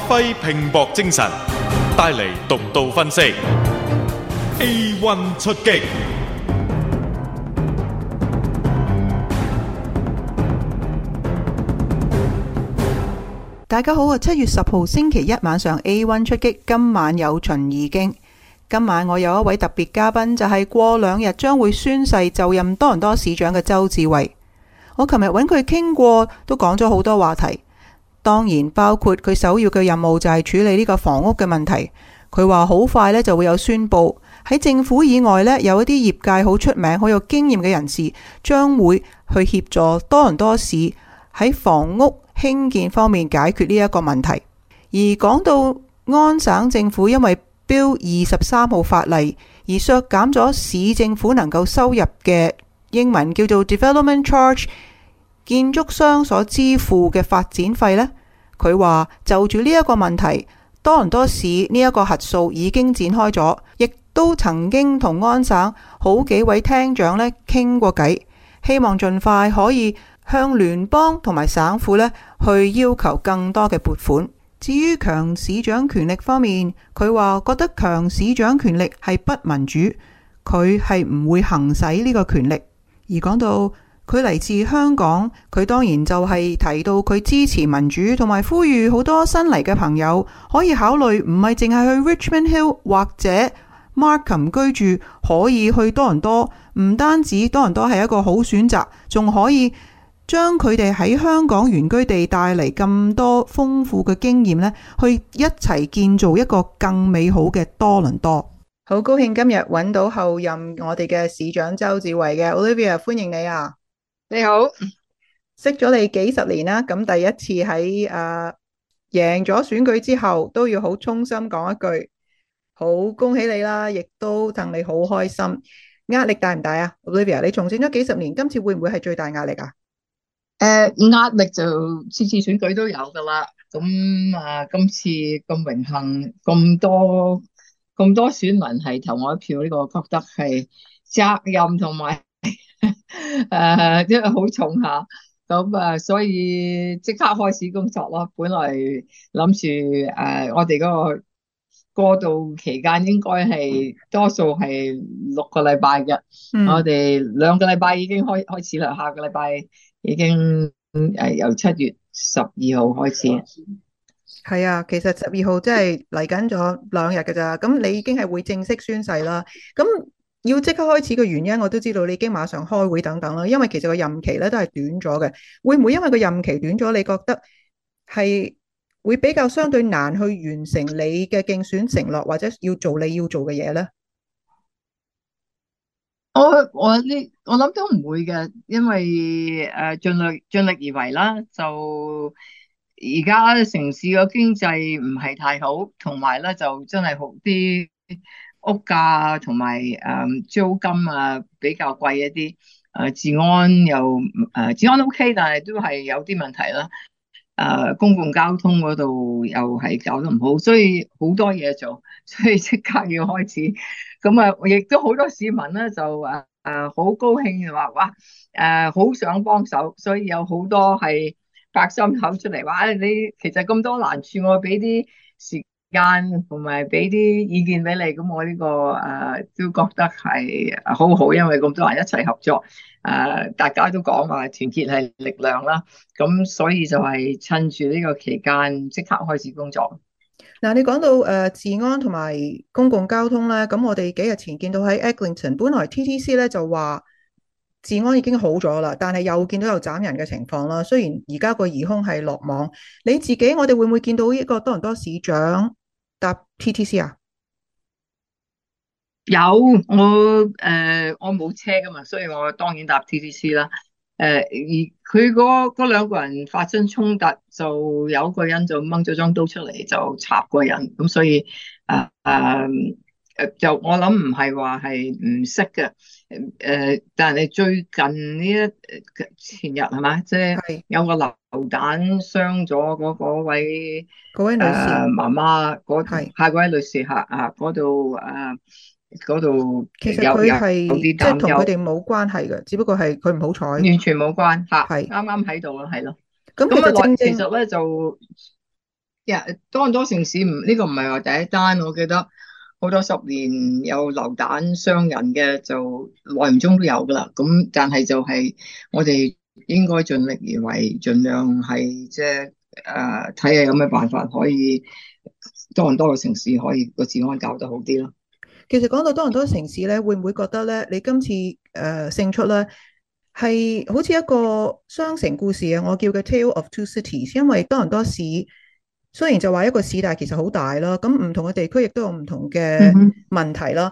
發揮拼搏精神，帶嚟獨到分析。A one 出擊，大家好啊！七月十號星期一晚上 A one 出擊，今晚有秦怡敬。今晚我有一位特別嘉賓，就係、是、過兩日將會宣誓就任多倫多市長嘅鄒至蕙。我琴日揾佢傾過，都講咗好多話題。當然包括佢首要嘅任務就係處理呢個房屋嘅問題。佢話好快咧，就會有宣佈喺政府以外咧，有一啲業界好出名、好有經驗嘅人士將會去協助多倫多市喺房屋興建方面解決呢一個問題。而講到安省政府因為 Bill 二十三號法例而削減咗市政府能夠收入嘅英文叫做 development charge。建築商所支付嘅發展費呢，佢話就住呢一個問題，多倫多市呢一個核數已經展開咗，亦都曾經同安省好幾位廳長呢傾過偈，希望盡快可以向聯邦同埋省府呢去要求更多嘅撥款。至於強市長權力方面，佢話覺得強市長權力係不民主，佢係唔會行使呢個權力。而講到佢嚟自香港，佢當然就係提到佢支持民主，同埋呼籲好多新嚟嘅朋友可以考慮，唔係淨係去 Richmond Hill 或者 Markham 居住，可以去多倫多。唔單止多倫多係一個好選擇，仲可以將佢哋喺香港原居地帶嚟咁多豐富嘅經驗呢去一齊建造一個更美好嘅多倫多。好高興今日揾到候任我哋嘅市長鄒至蕙嘅 Olivia，歡迎你啊！你好，識咗你幾十年啦，咁第一次喺誒贏咗選舉之後，都要好衷心講一句，好恭喜你啦，亦都戥你好開心。壓力大唔大啊？Olivia，你重選咗幾十年，今次會唔會係最大壓力啊？誒，壓力就次次選舉都有噶啦。咁啊，今次咁榮幸，咁多咁多選民係投我一票，呢個覺得係責任同埋。誒、 啊，即係好重吓，啊，咁啊，所以即刻開始工作咯。本來諗住誒，我哋嗰個過渡期間應該係多數係六個禮拜嘅，我哋兩個禮拜已經開開始啦，下個禮拜已經誒由七月十二號開始。係啊，其實十二號即係嚟緊咗兩日㗎咋，咁你已經係會正式宣誓啦，咁。要即刻開始嘅原因，我都知道你已經馬上開會等等啦。因為其實個任期咧都係短咗嘅，會唔會因為個任期短咗，你覺得係會比較相對難去完成你嘅競選承諾或者要做你要做嘅嘢咧？我我呢我諗都唔會嘅，因為誒盡力盡力而為啦。就而家城市個經濟唔係太好，同埋咧就真係好啲。屋價同埋誒租金啊比較貴一啲。誒治安又誒治安 OK，但係都係有啲問題啦。誒公共交通嗰度又係搞得唔好，所以好多嘢做，所以即刻要開始。咁啊，亦都好多市民咧就誒誒好高興話哇誒好想幫手，所以有好多係白心口出嚟話誒你其實咁多難處，我俾啲時。間同埋俾啲意見俾你，咁我呢、這個誒、啊、都覺得係好好，因為咁多人一齊合作，誒、啊、大家都講話團結係力量啦。咁所以就係趁住呢個期間即刻開始工作。嗱、嗯，你講到誒治安同埋公共交通咧，咁我哋幾日前見到喺 Eglinton 本來 TTC 咧就話治安已經好咗啦，但係又見到有斬人嘅情況啦。雖然而家個疑凶係落網，你自己我哋會唔會見到一個多倫多市長？搭 T T C 啊，有我誒，我冇、呃、車㗎嘛，所以我當然搭 T T C 啦。誒、呃，而佢嗰嗰兩個人發生衝突，就有個人就掹咗張刀出嚟就插個人，咁所以啊，嗯、呃。誒，就我諗唔係話係唔識嘅，誒、呃，但係最近呢一前日係嘛，即係、就是、有個榴彈傷咗嗰位嗰位、呃、女士媽媽，嗰、那個、下位女士吓啊，嗰、那、度、個、啊嗰度、那個、其實佢係即係同佢哋冇關係嘅，只不過係佢唔好彩，完全冇關係，係啱啱喺度咯，係咯，咁咁啊，剛剛正其實咧就多唔、yeah, 多倫多城市唔呢、這個唔係話第一單，我記得。好多十年有流彈傷人嘅，就耐唔中都有噶啦。咁但係就係我哋應該盡力而為，儘量係即係誒睇下有咩辦法可以多倫多嘅城市可以個治安搞得好啲咯。其實講到多倫多城市咧，會唔會覺得咧？你今次誒、呃、勝出咧，係好似一個雙城故事啊！我叫嘅 Tale of Two Cities，因為多倫多市。雖然就話一個市，但其實好大啦。咁唔同嘅地區亦都有唔同嘅問題啦。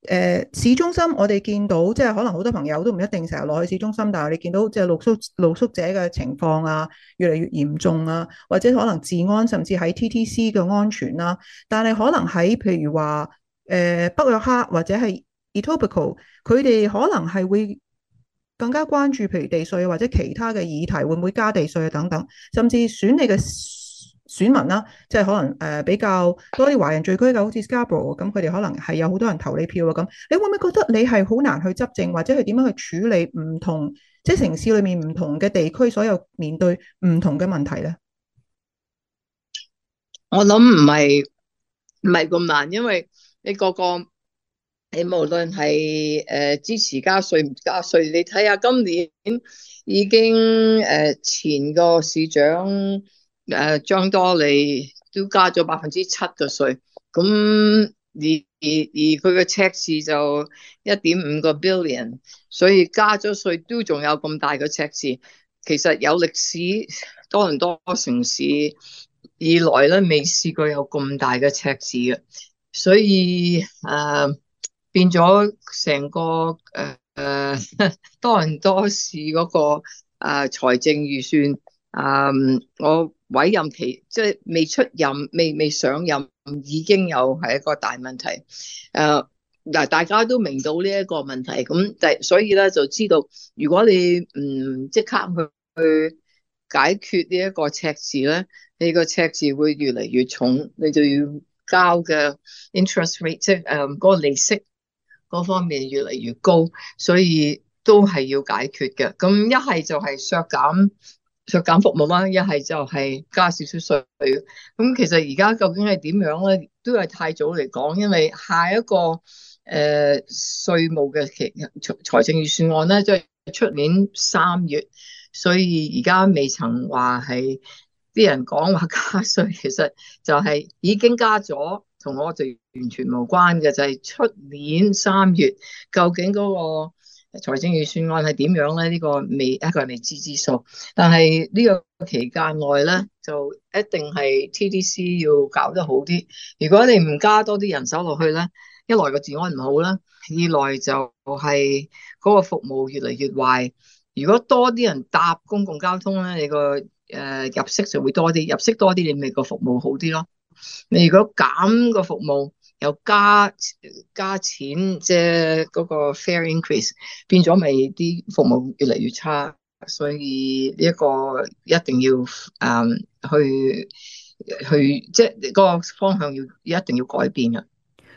誒、嗯呃，市中心我哋見到，即係可能好多朋友都唔一定成日落去市中心，但係你見到即係露宿露宿者嘅情況啊，越嚟越嚴重啊，或者可能治安，甚至喺 TTC 嘅安全啦、啊。但係可能喺譬如話誒、呃、北約克或者係 Etobicoke 佢哋可能係會更加關注譬如地稅或者其他嘅議題，會唔會加地稅啊等等，甚至選你嘅。選民啦，即係可能誒比較多啲華人聚居嘅，好似 Scarborough 咁，佢哋可能係有好多人投你票啊咁。你會唔會覺得你係好難去執政，或者係點樣去處理唔同即係城市裏面唔同嘅地區，所有面對唔同嘅問題咧？我諗唔係唔係咁難，因為你個個你無論係誒支持加稅唔加稅，你睇下今年已經誒前個市長。誒、啊，張多利都加咗百分之七嘅稅，咁而而而佢嘅赤字就一點五個 billion，所以加咗稅都仲有咁大嘅赤字，其實有歷史多倫多城市以來咧，未試過有咁大嘅赤字嘅，所以誒、啊、變咗成個誒誒、啊、多倫多市嗰、那個誒財、啊、政預算。嗯、um，我委任期即係未出任、未未上任，已經有係一個大問題。誒，嗱，大家都明到呢一個問題，咁所以咧就知道，如果你唔即、嗯、刻去解決呢一個赤字咧，你個赤字會越嚟越重，你就要交嘅 interest rate，即係誒嗰個利息嗰方面越嚟越高，所以都係要解決嘅。咁一係就係削減。著減服務嘛，一係就係加少少稅。咁其實而家究竟係點樣咧？都係太早嚟講，因為下一個誒、呃、稅務嘅其財政預算案咧，即係出年三月，所以而家未曾話係啲人講話加稅。其實就係已經加咗，同我哋完全無關嘅，就係、是、出年三月究竟嗰、那個。財政預算案係點樣咧？呢個未一個未知之數，但係呢個期間內咧，就一定係 TDC 要搞得好啲。如果你唔加多啲人手落去咧，一來個治安唔好啦，二來就係嗰個服務越嚟越壞。如果多啲人搭公共交通咧，你個誒入息就會多啲，入息多啲你咪個服務好啲咯。你如果減個服務，又加加錢，即係嗰個 fair increase 變咗，咪啲服務越嚟越差，所以一個一定要誒去去，即係、就是、個方向要一定要改變啊！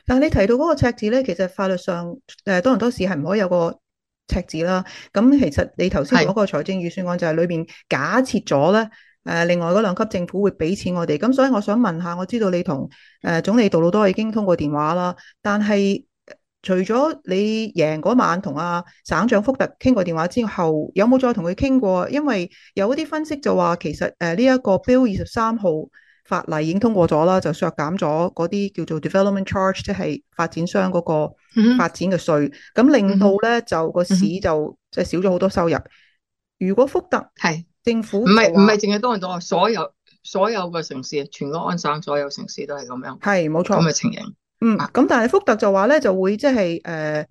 但係你提到嗰個赤字咧，其實法律上誒多倫多市係唔可以有個赤字啦。咁其實你頭先嗰個財政預算案就係裏邊假設咗咧。誒，另外嗰兩級政府會俾錢我哋，咁所以我想問下，我知道你同誒總理杜魯多已經通過電話啦，但係除咗你贏嗰晚同阿省長福特傾過電話之後，有冇再同佢傾過？因為有啲分析就話，其實誒呢一個 Bill 二十三號法例已經通過咗啦，就削減咗嗰啲叫做 development charge，即係發展商嗰個發展嘅稅，咁、mm -hmm. 令到咧就個市就即係少咗好多收入。如果福特係。政府唔係唔係，淨係多倫多，所有所有嘅城市，全個安省所有城市都係咁樣，係冇錯咁嘅情形。嗯，咁但係福特就話咧，就會即係誒，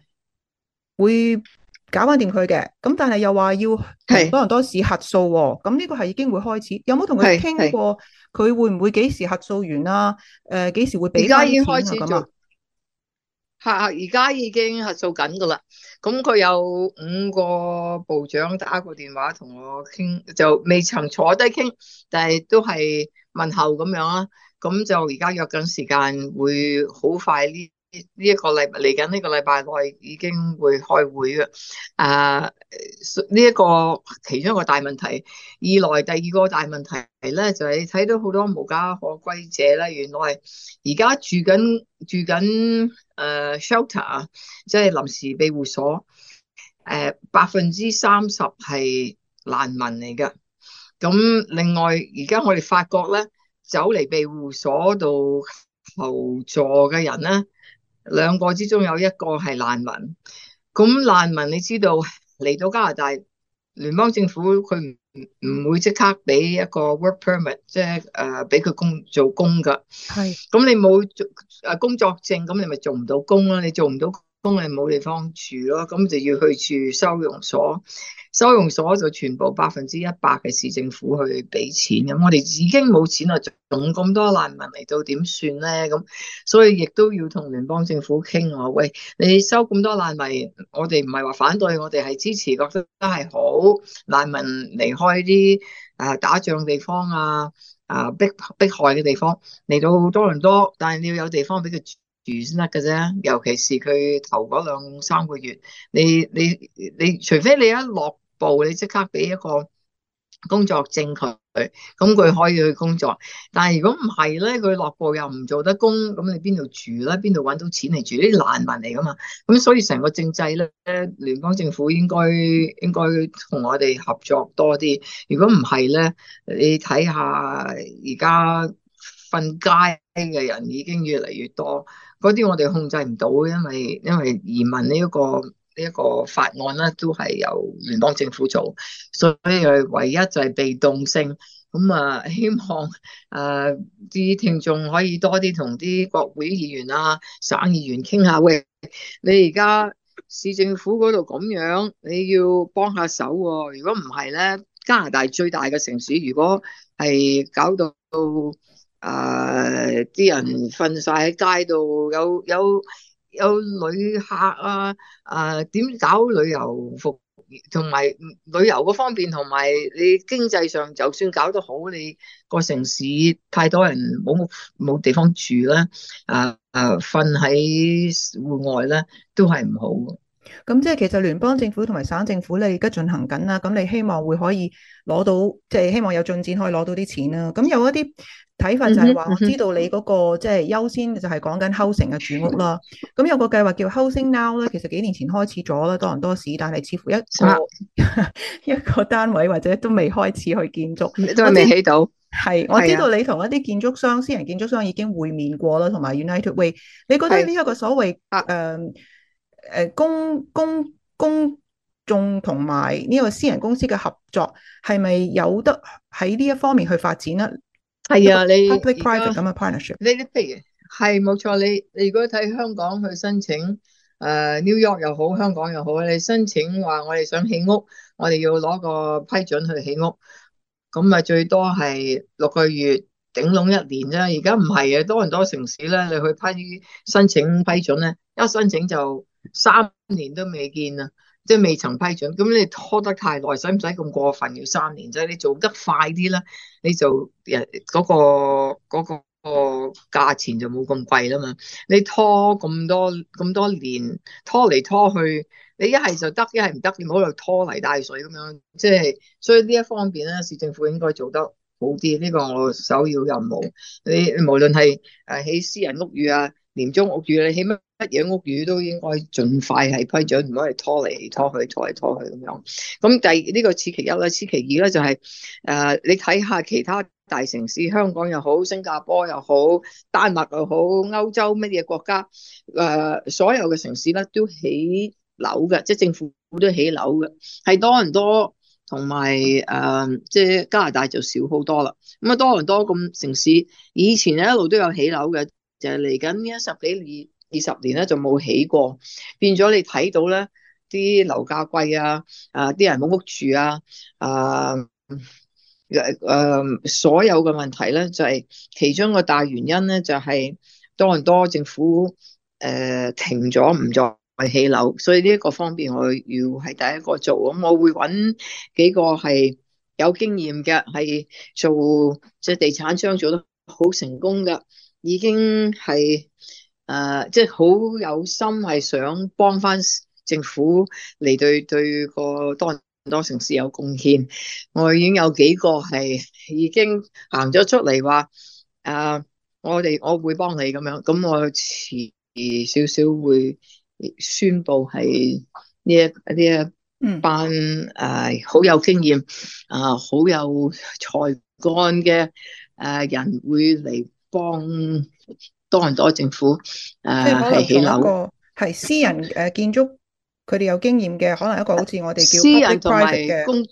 會搞翻掂佢嘅。咁但係又話要多倫多市核數，咁呢個係已經會開始。有冇同佢傾過？佢會唔會幾時核數完啦，啊？誒、呃，幾時會俾翻啲錢咁啊？係，而家已經做緊噶啦。咁佢有五個部長打個電話同我傾，就未曾坐低傾，但係都係問候咁樣啦。咁就而家約緊時間，會好快呢？呢一個禮拜嚟緊呢個禮拜我係已經會開會嘅。啊，呢一個其中一個大問題，二來第二個大問題咧就係睇到好多無家可歸者啦。原來而家住緊住緊誒 shelter 啊，即係臨時庇護所。誒，百分之三十係難民嚟㗎。咁另外而家我哋發覺咧，走嚟庇護所度求助嘅人咧。兩個之中有一個係難民，咁難民你知道嚟到加拿大，聯邦政府佢唔唔會即刻俾一個 work permit，即係誒俾佢工做工噶。係，咁你冇誒工作證，咁你咪做唔到工咯。你做唔到工，你冇地方住咯，咁就要去住收容所。收容所就全部百分之一百嘅市政府去俾錢咁，我哋已經冇錢啦，湧咁多難民嚟到點算咧？咁所以亦都要同聯邦政府傾，我喂，你收咁多難民，我哋唔係話反對，我哋係支持，覺得都係好難民離開啲誒打仗地方啊，啊迫迫害嘅地方嚟到多倫多，但係你要有地方俾佢住先得㗎啫。尤其是佢頭嗰兩三個月，你你你，除非你一落。部你即刻俾一個工作證佢，咁佢可以去工作。但係如果唔係咧，佢落步又唔做得工，咁你邊度住咧？邊度揾到錢嚟住？呢啲難民嚟噶嘛？咁所以成個政制咧，聯邦政府應該應該同我哋合作多啲。如果唔係咧，你睇下而家瞓街嘅人已經越嚟越多，嗰啲我哋控制唔到，因為因為移民呢一個。呢、這、一個法案咧，都係由聯邦政府做，所以佢唯一就係被動性。咁啊，希望啊啲聽眾可以多啲同啲國會議員啊、省議員傾下。喂，你而家市政府嗰度咁樣，你要幫下手喎。如果唔係咧，加拿大最大嘅城市，如果係搞到啊啲、呃、人瞓晒喺街度，有有。有旅客啊，啊，點搞旅遊服務同埋旅遊嗰方面，同埋你經濟上就算搞得好，你個城市太多人冇冇地方住啦，啊啊，瞓喺戶外咧都係唔好。咁即係其實聯邦政府同埋省政府你而家進行緊啦。咁你希望會可以攞到，即係希望有進展可以攞到啲錢啦。咁有一啲睇法就係話，我知道你嗰個即係優先就係講緊 Housing 嘅住屋啦。咁有個計劃叫 Housing Now 咧，其實幾年前開始咗啦，多倫多市，但係似乎一個、啊、 一個單位或者都未開始去建築，都未起到。係，我知道你同一啲建築商私人建築商已經會面過啦，同埋 United Way。你覺得呢一個所謂誒？誒公公公眾同埋呢個私人公司嘅合作係咪有得喺呢一方面去發展呢？係啊，你 public-private 咁嘅 partnership，你啲譬如係冇錯，你你如果睇香港去申請誒 New York 又好，香港又好，你申請話我哋想起屋，我哋要攞個批准去起屋，咁咪最多係六個月頂籠一年啫。而家唔係啊，多唔多城市咧？你去批申請批准咧，一申請就～三年都未見啊，即係未曾批准。咁你拖得太耐，使唔使咁過分？要三年即係，就是、你做得快啲啦，你就人、嗰、嗰個嗰、嗰個價錢就冇咁貴啦嘛。你拖咁多咁多年，拖嚟拖去，你一係就得，一係唔得，你唔好喺度拖泥帶水咁樣。即、就、係、是、所以呢一方面咧，市政府應該做得好啲。呢、呢個我首要任務。你，你無論係誒喺私人屋宇啊，年中屋宇你起乜嘢屋宇都應該盡快係批准，唔可以拖嚟拖去、拖嚟拖去咁樣。咁第呢、呢個此其一啦，此其二咧就係、是、誒、呃、你睇下其他大城市，香港又好、新加坡又好、丹麥又好、歐洲乜嘢國家誒、呃，所有嘅城市咧都起樓嘅，即係政府都起樓嘅，係多倫多，同埋誒，即係加拿大就少好多啦。咁啊，多倫多咁城市以前咧一路都有起樓嘅。就係嚟緊呢十幾年、二十年咧，就冇起過，變咗你睇到咧，啲樓價貴啊，啊，啲人冇屋住啊，啊，誒，所有嘅問題咧，就係、是、其中個大原因咧，就係、是、多倫多政府誒、啊、停咗唔再起樓，所以呢一個方面我要係第一個做，咁我會揾幾個係有經驗嘅，係做即係、就是、地產商做得好成功㗎。已經係誒，即係好有心係想幫翻政府嚟對對個當多，多城市有貢獻。我已經有幾個係已經行咗出嚟話誒，我哋我會幫你咁樣。咁我遲少少會宣布係呢一一一班誒好、嗯呃、有經驗啊，好、呃、有才幹嘅誒人會嚟。幫多倫多政府，誒係起樓，係私人誒建築，佢哋有經驗嘅， 可能一個好似我哋叫私人同嘅工，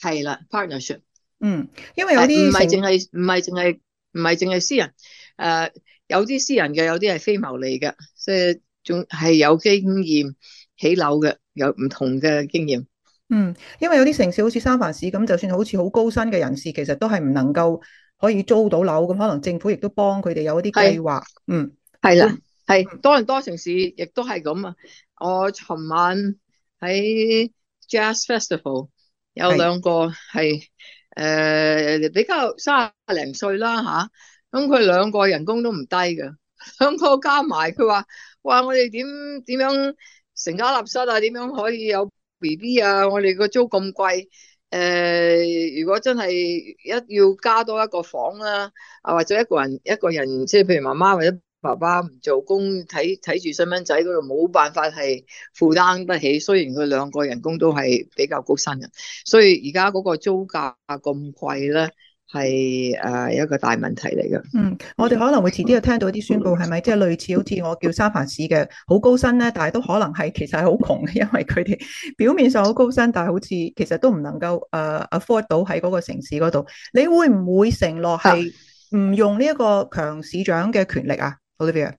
係啦 partnership。嗯，因為有啲唔係淨係，唔係淨係，唔係淨係私人。誒、啊、有啲私人嘅，有啲係非牟利嘅，即係仲係有經驗起樓嘅，有唔同嘅經驗。嗯，因為有啲城市好似三藩市咁，就算好似好高薪嘅人士，其實都係唔能夠。可以租到樓咁，可能政府亦都幫佢哋有一啲計劃。嗯，係啦，係多倫多城市亦都係咁啊！我尋晚喺 Jazz Festival 有兩個係誒、呃、比較三十啊零歲啦吓，咁佢兩個人工都唔低嘅，兩個加埋，佢話：哇！我哋點點樣成家立室啊？點樣可以有 B B 啊？我哋個租咁貴。誒、呃，如果真係一要加多一個房啦，啊或者一個人一個人即係譬如媽媽或者爸爸唔做工睇睇住細蚊仔嗰度，冇辦法係負擔得起。雖然佢兩個人工都係比較高薪嘅，所以而家嗰個租價咁貴咧。係誒一個大問題嚟嘅。嗯，我哋可能會遲啲就聽到一啲宣布，係咪即係類似好似我叫三藩市嘅好高薪咧？但係都可能係其實係好窮嘅，因為佢哋表面上好高薪，但係好似其實都唔能夠誒 afford 到喺嗰個城市嗰度。你會唔會承諾係唔用呢一個強市長嘅權力啊？Olivia，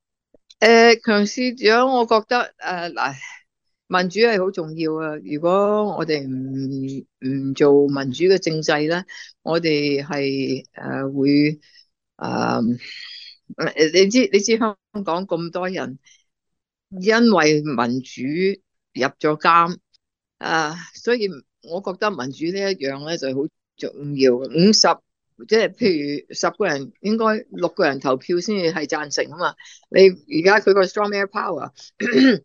誒，強、啊、市長，我覺得誒嗱。啊民主係好重要啊！如果我哋唔唔做民主嘅政制咧，我哋係誒會誒、嗯、你知你知香港咁多人因為民主入咗監啊，所以我覺得民主呢一樣咧就好重要。五十即係譬如十個人，應該六個人投票先至係贊成啊嘛。你而家佢個 stronger power。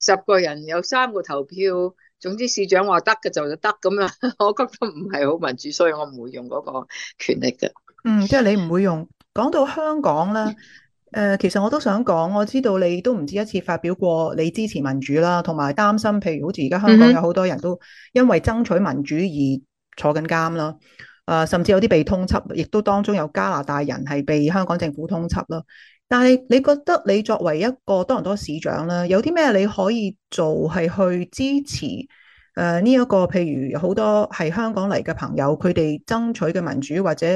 十個人有三個投票，總之市長話得嘅就就得咁啊，我覺得唔係好民主，所以我唔會用嗰個權力嘅。嗯，即係你唔會用。講到香港咧，誒，其實我都想講，我知道你都唔止一次發表過你支持民主啦，同埋擔心，譬如好似而家香港有好多人都因為爭取民主而坐緊監啦，誒，甚至有啲被通緝，亦都當中有加拿大人係被香港政府通緝咯。但係你覺得你作為一個多倫多市長咧，有啲咩你可以做係去支持誒呢一個？譬如好多係香港嚟嘅朋友，佢哋爭取嘅民主或者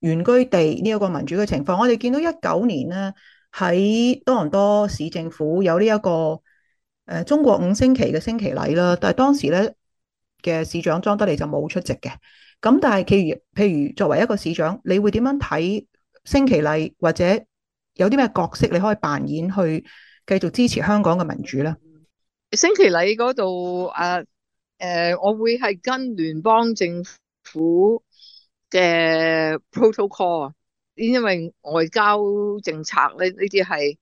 原居地呢一個民主嘅情況，我哋見到一九年咧喺多倫多市政府有呢一個誒中國五星旗嘅升旗禮啦，但係當時咧嘅市長莊德利就冇出席嘅。咁但係譬如譬如，作為一個市長，你會點樣睇升旗禮或者？有啲咩角色你可以扮演去繼續支持香港嘅民主咧？星期禮嗰度，啊，呃，我會係跟聯邦政府嘅 protocol 啊，因為外交政策咧呢啲係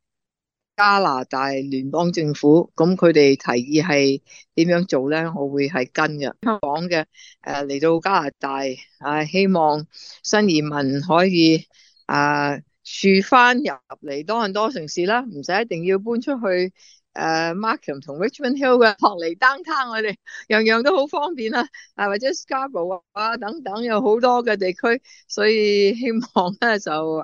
加拿大聯邦政府，咁佢哋提議係點樣做咧，我會係跟嘅。香港嘅誒嚟到加拿大啊，希望新移民可以啊。住翻入嚟多倫多城市啦，唔使一定要搬出去誒、啊，Markham 同 Richmond Hill 嘅，落嚟 downtown，我哋樣樣都好方便啦。啊，或者 Scarborough 啊等等有好多嘅地區，所以希望咧、啊、就誒、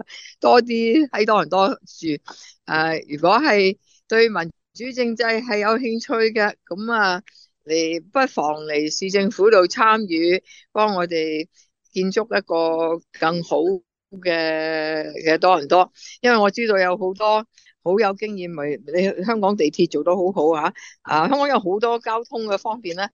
啊、多啲喺多倫多住。誒、啊，如果係對民主政制係有興趣嘅，咁啊，你不妨嚟市政府度參與，幫我哋建築一個更好。嘅嘅多唔多？因為我知道有好多好有經驗咪，你香港地鐵做得好好、啊、吓，啊，香港有好多交通嘅方面咧，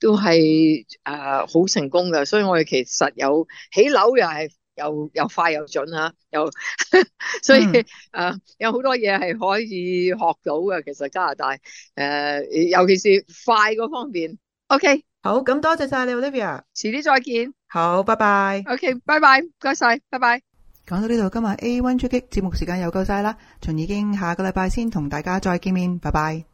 都係啊好成功噶，所以我哋其實有起樓又係又又快又準吓、啊，又 所以、嗯、啊有好多嘢係可以學到嘅。其實加拿大誒、呃，尤其是快嗰方面。O.K. 好，咁多謝晒你，Olivia。遲啲再見。好，拜拜。OK，拜拜，唔該晒，拜拜。講到呢度，今日 A One 出擊節目時間又夠晒啦，仲已經下個禮拜先同大家再見面，拜拜。